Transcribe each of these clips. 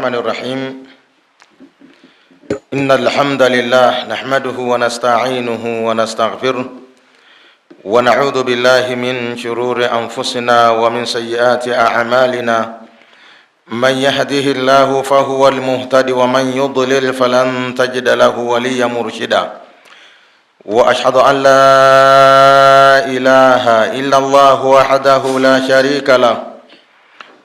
الرحمن الرحيم إن الحمد لله نحمده ونستعينه ونستغفره ونعوذ بالله من شرور أنفسنا ومن سيئات أعمالنا من يهده الله فهو المهتد ومن يضلل فلن تجد له وليا مرشدا وأشهد أن لا إله إلا الله وحده لا شريك له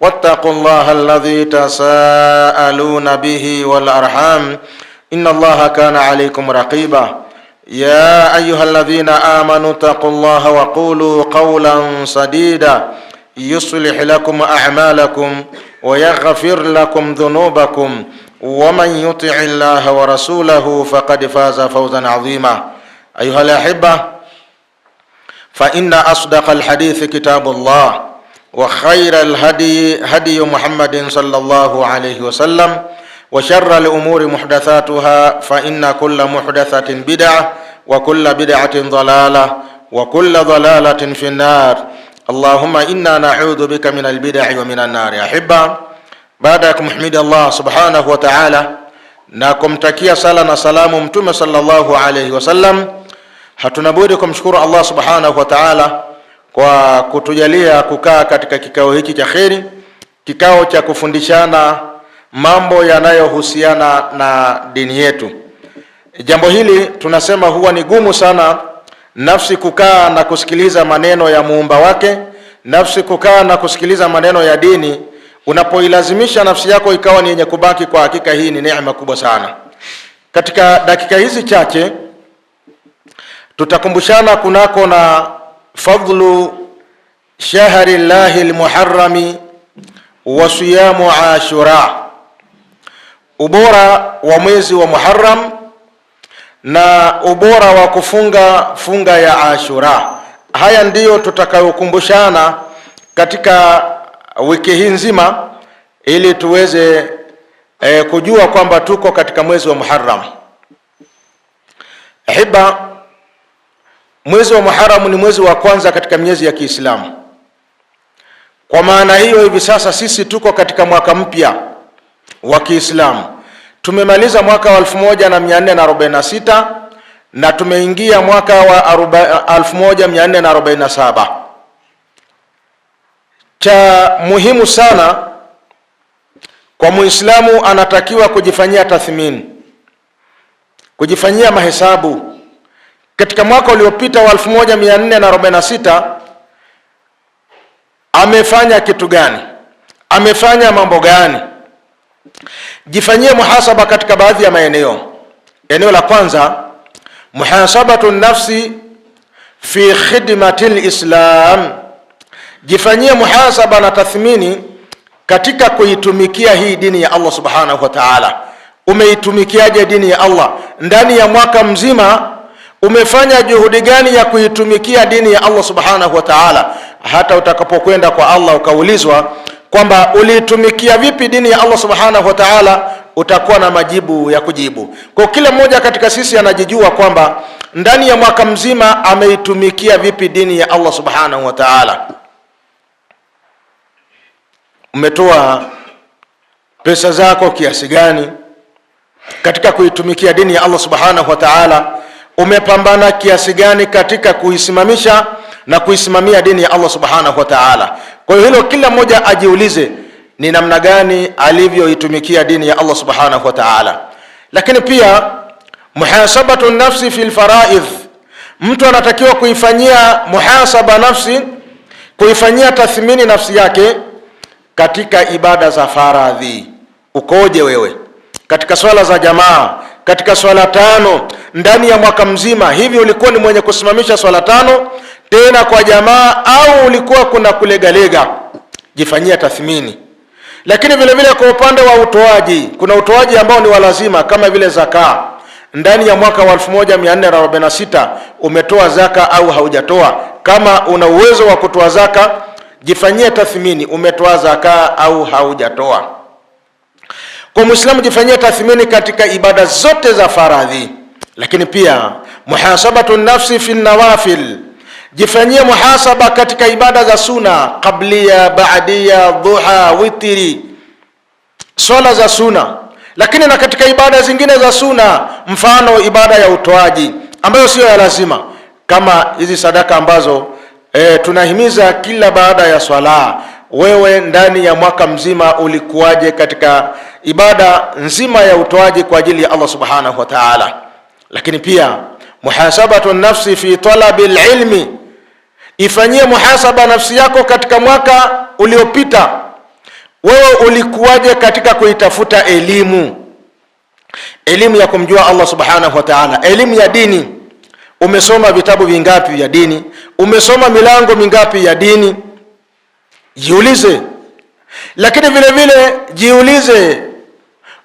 واتقوا الله الذي تساءلون به والأرحام إن الله كان عليكم رقيبا يا أيها الذين آمنوا اتقوا الله وقولوا قولا سديدا يصلح لكم أعمالكم ويغفر لكم ذنوبكم ومن يطع الله ورسوله فقد فاز فوزا عظيما أيها الأحبة فإن أصدق الحديث كتاب الله وخير الهدي هدي محمد صلى الله عليه وسلم وشر الأمور محدثاتها فإن كل محدثة بدعة وكل بدعة ضلالة وكل ضلالة في النار اللهم إنا نعوذ بك من البدع ومن النار يا حبا بعدك محمد الله سبحانه وتعالى ناكم تكيا سلام سلام salamu صلى الله عليه وسلم hatunabudi kumshukuru الله سبحانه وتعالى kwa kutujalia kukaa katika kikao hiki cha kheri, kikao cha kufundishana mambo yanayohusiana na dini yetu. Jambo hili tunasema huwa ni gumu sana nafsi kukaa na kusikiliza maneno ya muumba wake, nafsi kukaa na kusikiliza maneno ya dini. Unapoilazimisha nafsi yako ikawa ni yenye kubaki, kwa hakika hii ni neema kubwa sana. Katika dakika hizi chache tutakumbushana kunako na fadlu shahri llahi lmuharami wa siyamu ashura, ubora wa mwezi wa muharam na ubora wa kufunga funga ya Ashura. Haya ndiyo tutakayokumbushana katika wiki hii nzima, ili tuweze eh, kujua kwamba tuko katika mwezi wa Muharram hiba Mwezi wa Muharamu ni mwezi wa kwanza katika miezi ya Kiislamu. Kwa maana hiyo, hivi sasa sisi tuko katika mwaka mpya wa Kiislamu. Tumemaliza mwaka wa 1446 na tumeingia mwaka wa 1447. Cha muhimu sana kwa Muislamu, anatakiwa kujifanyia tathmini, kujifanyia mahesabu katika mwaka uliopita wa 1446 amefanya kitu gani? Amefanya mambo gani? Jifanyie muhasaba katika baadhi ya maeneo. Eneo la kwanza, muhasabatu nafsi fi khidmati lislam. Jifanyie muhasaba na tathmini katika kuitumikia hii dini ya Allah subhanahu wa ta'ala. Umeitumikiaje dini ya Allah ndani ya mwaka mzima umefanya juhudi gani ya kuitumikia dini ya Allah subhanahu wa ta'ala, hata utakapokwenda kwa Allah ukaulizwa kwamba uliitumikia vipi dini ya Allah subhanahu wa ta'ala, utakuwa na majibu ya kujibu. Kwa kila mmoja katika sisi anajijua kwamba ndani ya mwaka mzima ameitumikia vipi dini ya Allah subhanahu wa ta'ala. Umetoa pesa zako kiasi gani katika kuitumikia dini ya Allah subhanahu wa ta'ala umepambana kiasi gani katika kuisimamisha na kuisimamia dini ya Allah subhanahu wa ta'ala. Kwa hiyo hilo kila mmoja ajiulize ni namna gani alivyoitumikia dini ya Allah subhanahu wa ta'ala. Lakini pia muhasabatu nafsi fil faraidh, mtu anatakiwa kuifanyia muhasaba nafsi, kuifanyia tathmini nafsi yake katika ibada za faradhi. Ukoje wewe katika swala za jamaa, katika swala tano ndani ya mwaka mzima. Hivi ulikuwa ni mwenye kusimamisha swala tano tena kwa jamaa, au ulikuwa kuna kulegalega? Jifanyia tathmini. Lakini vile vile kwa upande wa utoaji, kuna utoaji ambao ni walazima kama vile zaka. Ndani ya mwaka wa 1446 umetoa zaka au haujatoa? Kama una uwezo wa kutoa zaka, jifanyie tathmini, umetoa zaka au haujatoa. Kwa Muislamu jifanyia tathmini katika ibada zote za faradhi, lakini pia muhasabatu nafsi fi nawafil, jifanyie muhasaba katika ibada za suna, qablia, baadia, dhuha, witiri, swala za suna, lakini na katika ibada zingine za suna, mfano ibada ya utoaji ambayo siyo ya lazima, kama hizi sadaka ambazo e, tunahimiza kila baada ya swala wewe ndani ya mwaka mzima ulikuwaje katika ibada nzima ya utoaji kwa ajili ya Allah subhanahu wa ta'ala. Lakini pia muhasabatu nafsi fi talabi alilmi, ifanyie muhasaba nafsi yako katika mwaka uliopita, wewe ulikuwaje katika kuitafuta elimu, elimu ya kumjua Allah subhanahu wa ta'ala, elimu ya dini. Umesoma vitabu vingapi vya dini? Umesoma milango mingapi ya dini? jiulize. Lakini vile vile jiulize,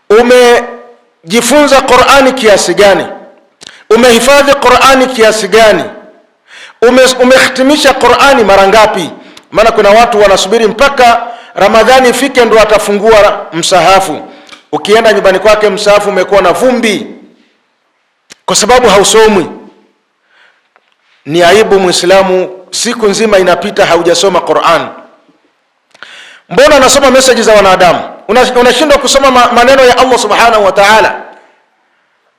umejifunza Qur'ani kiasi gani? Umehifadhi Qur'ani kiasi gani? Umehitimisha ume Qur'ani mara ngapi? Maana kuna watu wanasubiri mpaka Ramadhani ifike ndo atafungua msahafu. Ukienda nyumbani kwake msahafu umekuwa na vumbi, kwa sababu hausomwi. Ni aibu Muislamu siku nzima inapita haujasoma qurani Mbona unasoma meseji za wanadamu unashindwa kusoma maneno ya Allah subhanahu wa ta'ala?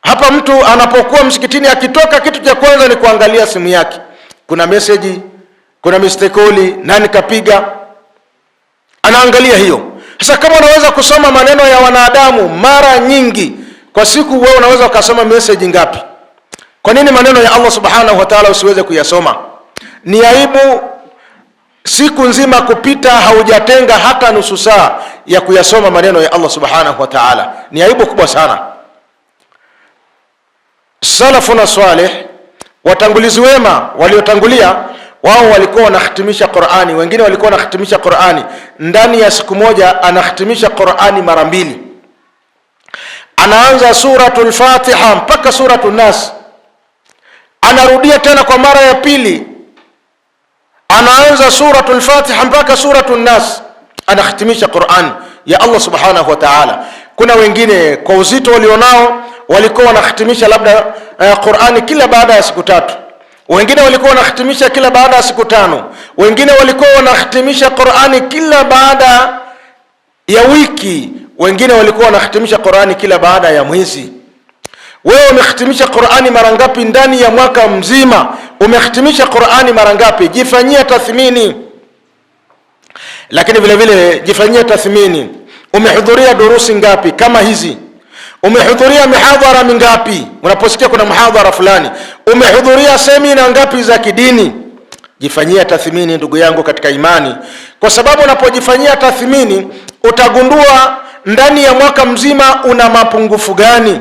Hapa mtu anapokuwa msikitini, akitoka, kitu cha kwanza ni kuangalia simu yake, kuna meseji, kuna mistekoli, nani kapiga, anaangalia hiyo. Sasa kama unaweza kusoma maneno ya wanadamu mara nyingi kwa siku, wewe unaweza ukasoma meseji ngapi? Kwa nini maneno ya Allah subhanahu wa ta'ala usiweze kuyasoma? Ni aibu siku nzima kupita haujatenga hata nusu saa ya kuyasoma maneno ya Allah subhanahu wa ta'ala. Ni aibu kubwa sana. Salafuna saleh, watangulizi wema waliotangulia, wao walikuwa wanahitimisha Qur'ani, wengine walikuwa wanahitimisha Qur'ani ndani ya siku moja, anahitimisha Qur'ani mara mbili, anaanza suratul Fatiha mpaka suratul Nas, anarudia tena kwa mara ya pili anaanza suratu lfatiha mpaka suratu nnas anahitimisha Qur'an ya Allah subhanahu wa ta'ala. Kuna wengine kwa uzito walionao walikuwa wanahitimisha labda uh, Qur'ani kila baada ya siku tatu, wengine walikuwa wanahitimisha kila baada ya siku tano, wengine walikuwa wanahitimisha Qur'ani kila baada ya wiki, wengine walikuwa wanahitimisha Qur'ani kila baada ya mwezi. Wewe umehitimisha Qur'ani mara ngapi ndani ya mwaka mzima? umehitimisha Qur'ani mara ngapi? Jifanyie tathmini. Lakini vile vile jifanyie tathmini, umehudhuria durusi ngapi kama hizi? Umehudhuria mihadhara mingapi? Unaposikia kuna mhadhara fulani, umehudhuria semina ngapi za kidini? Jifanyia tathmini, ndugu yangu katika imani, kwa sababu unapojifanyia tathmini utagundua ndani ya mwaka mzima una mapungufu gani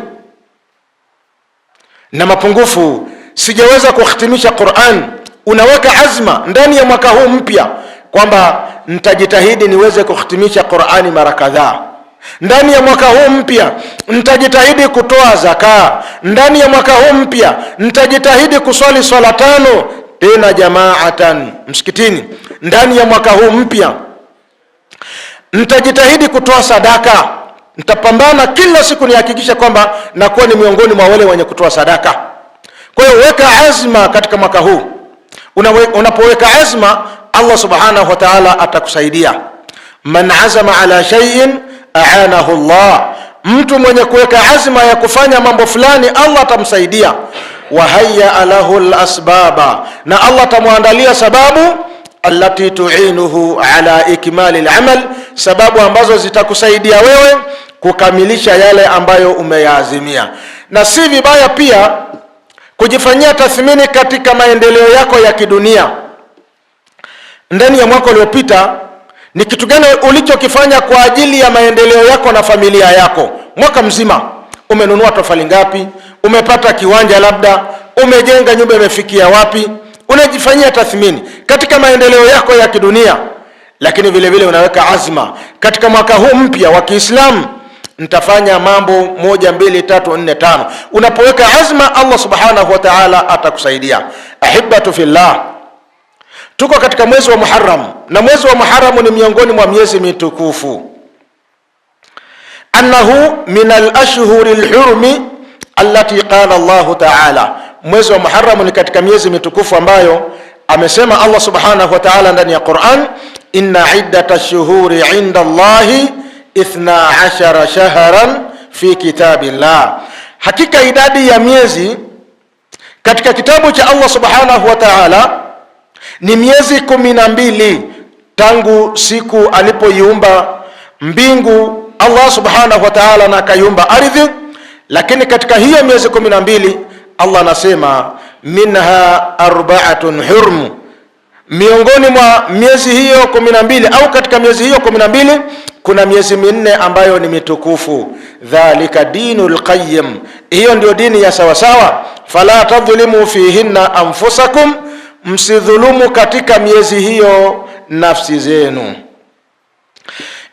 na mapungufu sijaweza kuhitimisha Qur'an, unaweka azma ndani ya mwaka huu mpya kwamba nitajitahidi niweze kuhitimisha Qur'ani mara kadhaa ndani ya mwaka huu mpya nitajitahidi kutoa zaka. Ndani ya mwaka huu mpya nitajitahidi kuswali swala tano tena jamaatan msikitini. Ndani ya mwaka huu mpya nitajitahidi kutoa sadaka. Nitapambana kila siku nihakikisha kwamba nakuwa ni miongoni mwa wale wenye kutoa sadaka. Kwa hiyo weka azma katika mwaka huu. Unapoweka azma, Allah subhanahu wa ta'ala atakusaidia. Man azama ala shay'in aanahu Allah, mtu mwenye kuweka azma ya kufanya mambo fulani, Allah atamsaidia. wahayaa lahu lasbaba, na Allah atamwandalia sababu allati tuinuhu ala ikmali lamal sababu ambazo zitakusaidia wewe kukamilisha yale ambayo umeyaazimia, na si vibaya pia kujifanyia tathmini katika maendeleo yako ya kidunia ndani ya mwaka uliopita. Ni kitu gani ulichokifanya kwa ajili ya maendeleo yako na familia yako mwaka mzima? Umenunua tofali ngapi? Umepata kiwanja labda? Umejenga nyumba, imefikia wapi? Unajifanyia tathmini katika maendeleo yako ya kidunia, lakini vile vile unaweka azma katika mwaka huu mpya wa Kiislamu nitafanya mambo moja mbili tatu nne tano. Unapoweka azma, Allah subhanahu wa ta'ala atakusaidia. Ahibatu fillah, tuko katika mwezi wa Muharram na mwezi wa Muharram ni miongoni mwa miezi mitukufu. Annahu min al-ashhuri hurmi allati qala Allah ta'ala, mwezi wa Muharram ni katika miezi mitukufu ambayo amesema Allah subhanahu wa ta'ala ndani ya Qur'an, inna iddatash-shuhuri 'inda Allahi ithna ashara shahran fi kitabillah, hakika idadi ya miezi katika kitabu cha Allah subhanahu wa ta'ala ni miezi kumi na mbili tangu siku alipoiumba mbingu Allah subhanahu wa ta'ala na akaiumba ardhi. Lakini katika hiyo miezi kumi na mbili Allah anasema minha arba'atun hurm, miongoni mwa miezi hiyo kumi na mbili au katika miezi hiyo kumi na mbili kuna miezi minne ambayo ni mitukufu. Dhalika dinu lqayim hiyo ndio dini ya sawasawa. Fala tadhlimu fihinna anfusakum, msidhulumu katika miezi hiyo nafsi zenu.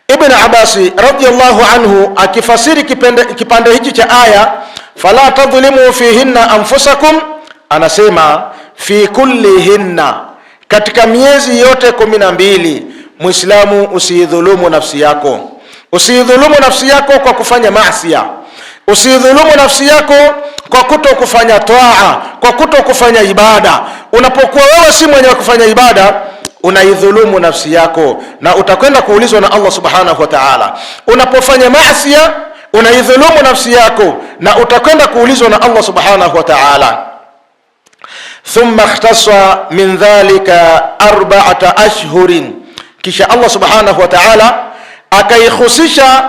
Ibn Abasi radillah anhu akifasiri kipende, kipande hichi cha aya fala tadhlimu fihinna anfusakum, anasema fi kulli hinna, katika miezi yote kumi na mbili Muislamu, usiidhulumu nafsi yako, usiidhulumu nafsi yako kwa kufanya maasia, usiidhulumu nafsi yako kwa kuto kufanya toa, kwa kuto kufanya ibada. Unapokuwa wewe si mwenye kufanya ibada unaidhulumu nafsi yako, na utakwenda kuulizwa na Allah subhanahu wa ta'ala. Unapofanya maasi unaidhulumu nafsi yako, na utakwenda kuulizwa na Allah subhanahu wa ta'ala. Thumma ikhtassa min dhalika arba'ata ashhurin kisha Allah subhanahu wa ta'ala akaihusisha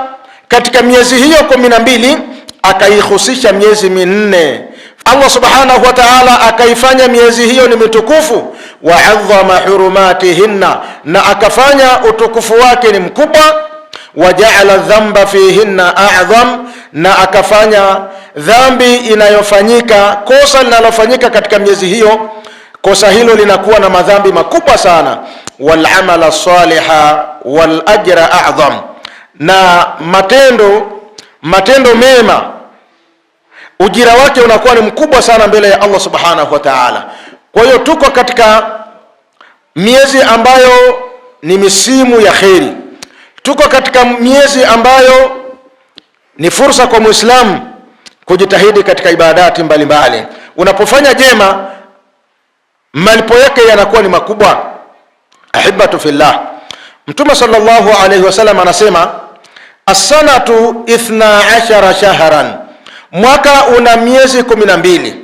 katika miezi hiyo kumi na mbili akaihusisha miezi minne. Allah subhanahu wa ta'ala akaifanya miezi hiyo ni mitukufu, wa hurumatihinna, na akafanya utukufu wake ni mkubwa. Wajaala dhamba fihinna a'dham, na akafanya dhambi inayofanyika, kosa linalofanyika katika miezi hiyo, kosa hilo linakuwa na madhambi makubwa sana walamala saliha wal ajra a'dham, na matendo matendo mema ujira wake unakuwa ni mkubwa sana mbele ya Allah subhanahu wa ta'ala. Kwa hiyo tuko katika miezi ambayo ni misimu ya kheri, tuko katika miezi ambayo ni fursa kwa Muislamu kujitahidi katika ibadati mbalimbali Unapofanya jema malipo yake yanakuwa ni makubwa ahibatu fillah, Mtume sallallahu alaihi wasallam anasema asanatu ithna ashara shahran, mwaka una miezi kumi na mbili,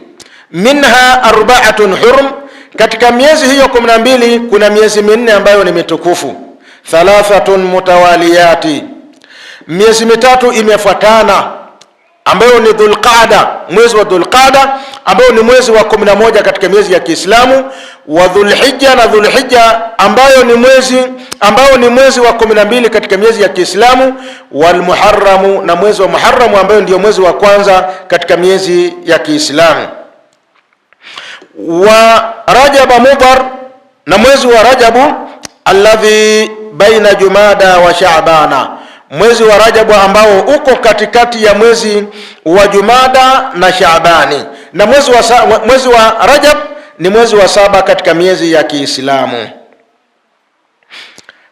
minha arbaatun hurm katika miezi hiyo kumi na mbili kuna miezi minne ambayo ni mitukufu, thalathatun mutawaliyati, miezi mitatu imefuatana ambayo ni Dhulqaada, mwezi wa Dhulqaada ambayo ni mwezi wa 11 katika miezi ya Kiislamu, wa Dhulhijja na Dhulhijja ambayo ni mwezi ambayo ni mwezi wa 12 katika miezi ya Kiislamu, walmuharamu na mwezi wa Muharamu ambayo ndiyo mwezi wa kwanza katika miezi ya Kiislamu, wa Rajaba Mudhar na mwezi wa Rajabu alladhi baina Jumada wa Shaabana mwezi wa Rajabu ambao uko katikati ya mwezi wa Jumada na Shaabani, na mwezi wa, mwezi wa Rajab ni mwezi wa saba katika miezi ya Kiislamu.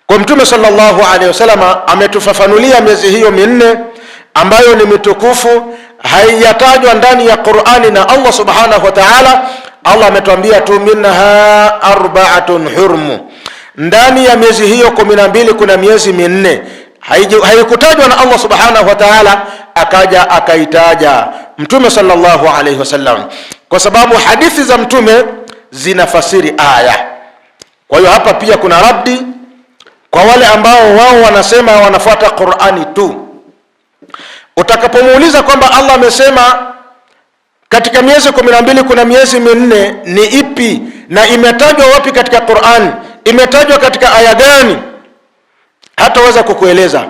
Kwa Mtume sallallahu alaihi wasallam ametufafanulia miezi hiyo minne ambayo ni mitukufu, haijatajwa ndani ya Qur'ani na Allah subhanahu wa ta'ala. Allah ametuambia tu, minha arba'atun hurmu, ndani ya miezi hiyo kumi na mbili kuna miezi minne haikutajwa na Allah subhanahu wa ta'ala, akaja akaitaja Mtume sallallahu alayhi wasallam, kwa sababu hadithi za Mtume zinafasiri aya. Kwa hiyo hapa pia kuna rabdi kwa wale ambao wao wanasema wanafuata Qur'ani tu. Utakapomuuliza kwamba Allah amesema katika miezi kumi na mbili kuna miezi minne, ni ipi na imetajwa wapi katika Qur'an? Imetajwa katika aya gani? hataweza kukueleza.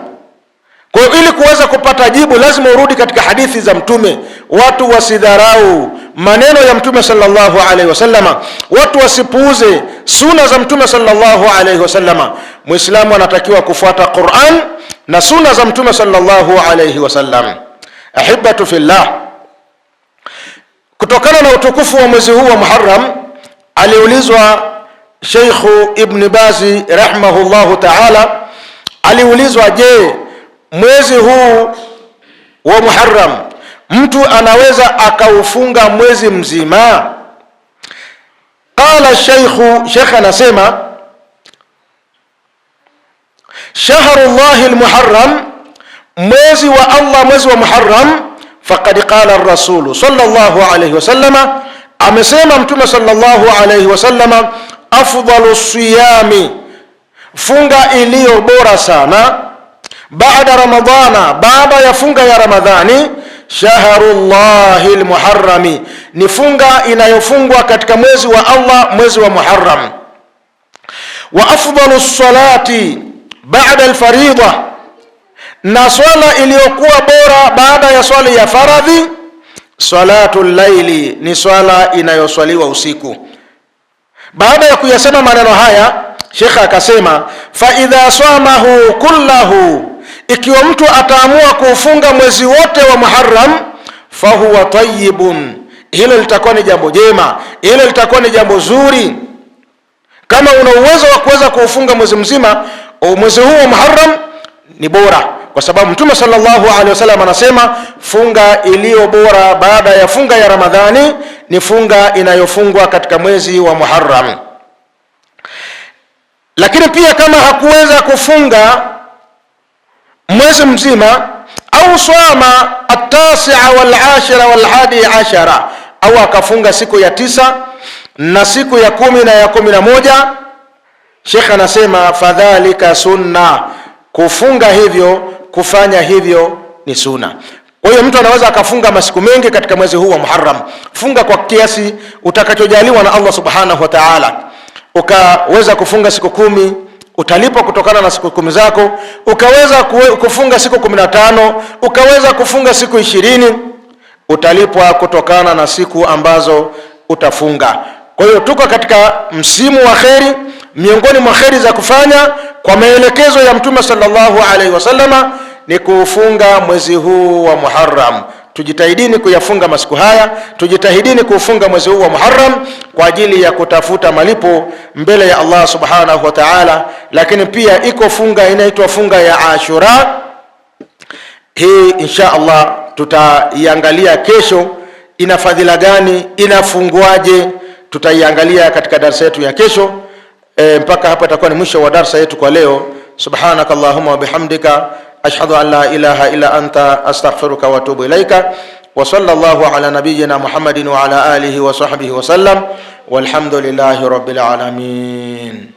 Kwa hiyo ili kuweza kupata jibu lazima urudi katika hadithi za Mtume. Watu wasidharau maneno ya Mtume sallallahu alaihi wasallama, watu wasipuuze suna za Mtume sallallahu alaihi wasallama. Muislamu anatakiwa kufuata Quran na suna za Mtume sallallahu alaihi wasallam. Ahibatu fillah, kutokana na utukufu wa mwezi huu wa Muharram, aliulizwa Sheikhu Ibn Bazi rahimahullahu ta'ala aliulizwa, je, mwezi huu wa Muharram mtu anaweza akaufunga mwezi mzima? Qala sheikhu, sheikh anasema shahrullahi lmuharam mwezi wa Allah, mwezi wa Muharram. Faqad qala rasulu sallallahu alayhi wasallama, amesema Mtume sallallahu alayhi wasallama, afdalu siyami funga iliyo bora sana baada Ramadhana, baada ya funga ya Ramadhani, shahrullahi lmuharami, ni funga inayofungwa katika mwezi wa Allah, mwezi wa Muharram. Wa afdalu salati baada lfaridha, na swala iliyokuwa bora baada ya swali ya faradhi, salatu llaili, ni swala inayoswaliwa usiku. Baada ya kuyasema maneno haya Shekha akasema fa idha swamahu kullahu, ikiwa mtu ataamua kuufunga mwezi wote wa Muharram fahuwa tayyibun, hilo litakuwa ni jambo jema, hilo litakuwa ni jambo zuri. Kama una uwezo wa kuweza kuufunga mwezi mzima, mwezi huu wa Muharram ni bora, kwa sababu Mtume sallallahu alaihi wasallam anasema funga iliyo bora baada ya funga ya Ramadhani ni funga inayofungwa katika mwezi wa Muharram. Lakini pia kama hakuweza kufunga mwezi mzima, au swama atasia walashira walhadi ashara, au akafunga siku ya tisa na siku ya kumi na ya kumi na moja, Shekh anasema fadhalika sunna, kufunga hivyo, kufanya hivyo ni sunna. Kwa hiyo mtu anaweza akafunga masiku mengi katika mwezi huu wa Muharram. Funga kwa kiasi utakachojaliwa na Allah subhanahu wa ta'ala ukaweza kufunga siku kumi utalipwa kutokana na siku kumi zako, ukaweza kufunga siku kumi na tano ukaweza kufunga siku ishirini utalipwa kutokana na siku ambazo utafunga. Kwa hiyo tuko katika msimu wa kheri, miongoni mwa kheri za kufanya kwa maelekezo ya Mtume sallallahu alaihi wasallama ni kuufunga mwezi huu wa Muharram tujitahidini kuyafunga masiku haya, tujitahidini kuufunga mwezi huu wa Muharram kwa ajili ya kutafuta malipo mbele ya Allah subhanahu wa ta'ala. Lakini pia iko funga inaitwa funga ya Ashura, hii insha Allah tutaiangalia kesho, ina fadhila gani, inafunguaje tutaiangalia katika darsa yetu ya kesho. E, mpaka hapa itakuwa ni mwisho wa darsa yetu kwa leo. Subhanakallahumma wa bihamdika أشهد أن لا إله إلا أنت أستغفرك وأتوب إليك وصلى الله على نبينا محمد وعلى آله وصحبه وسلم والحمد لله رب العالمين